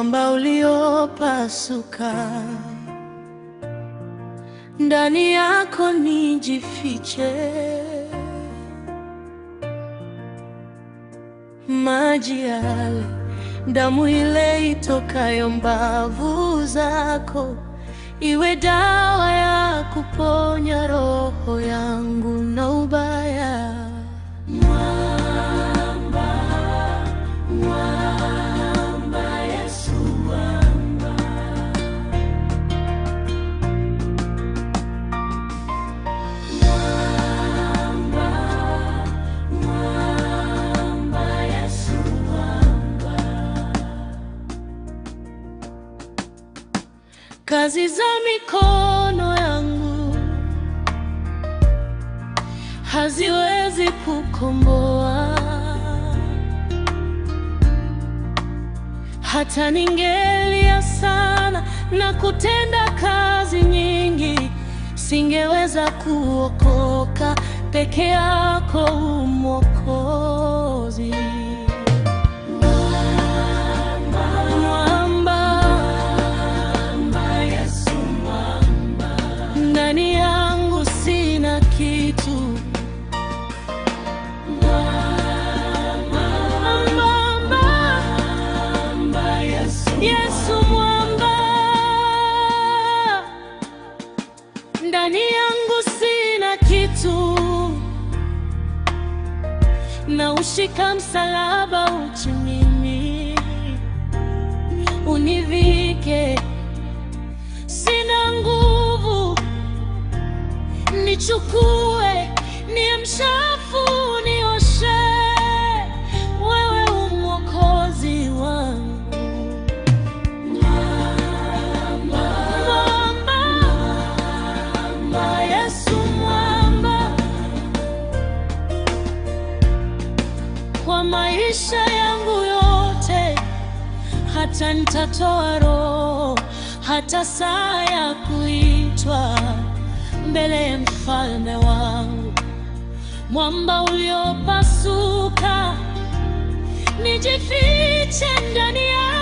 mwamba uliopasuka, ndani yako nijifiche, maji yale, damu ile itokayo mbavu zako iwe dawa ya kuponya roho ya kazi za mikono yangu haziwezi kukomboa, hata ningelia sana na kutenda kazi nyingi, singeweza kuokoka. Peke yako umokozi ndani yangu sina kitu, na ushika msalaba uchi mimi, univike, sina nguvu, nichukue, ni mshafu kwa maisha yangu yote, hata nitatoa roho, hata saa ya kuitwa mbele ya mfalme wangu, mwamba uliopasuka, nijifiche ndani ya